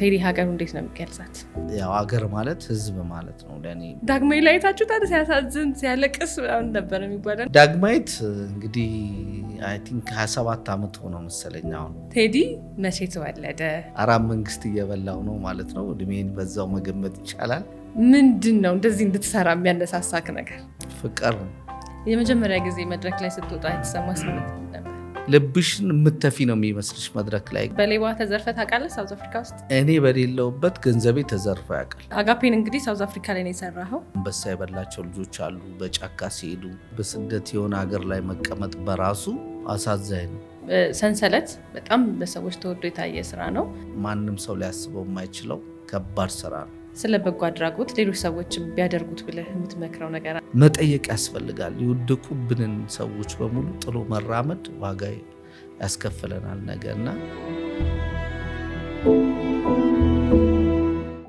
ቴዲ ሀገሩ እንዴት ነው የሚገልጻት? ያው ሀገር ማለት ህዝብ ማለት ነው ለእኔ። ዳግማዊ ላይታችሁ አይታችሁታል? ሲያሳዝን ሲያለቅስ ምናምን ነበር የሚባለው። ዳግማዊት እንግዲህ አይ ቲንክ 27 ዓመት ሆነው መሰለኝ። አሁን ቴዲ መቼ ተወለደ? አራት መንግስት እየበላው ነው ማለት ነው። እድሜን በዛው መገመት ይቻላል። ምንድን ነው እንደዚህ እንድትሰራ የሚያነሳሳክ ነገር? ፍቅር። የመጀመሪያ ጊዜ መድረክ ላይ ስትወጣ የተሰማ ስሜት ነበር? ልብሽን ምተፊ ነው የሚመስልሽ መድረክ ላይ። በሌባ ተዘርፈ ታውቃለህ? ሳውዝ አፍሪካ ውስጥ እኔ በሌለውበት ገንዘቤ ተዘርፈ ያውቃል። አጋፔን እንግዲህ ሳውዝ አፍሪካ ላይ ነው የሰራኸው። አንበሳ የበላቸው ልጆች አሉ በጫካ ሲሄዱ። በስደት የሆነ ሀገር ላይ መቀመጥ በራሱ አሳዛኝ ነው። ሰንሰለት በጣም በሰዎች ተወዶ የታየ ስራ ነው። ማንም ሰው ሊያስበው የማይችለው ከባድ ስራ ነው። ስለ በጎ አድራጎት ሌሎች ሰዎች ቢያደርጉት ብለህ የምትመክረው ነገር? መጠየቅ ያስፈልጋል። የወደቁብንን ሰዎች በሙሉ ጥሎ መራመድ ዋጋ ያስከፍለናል ነገና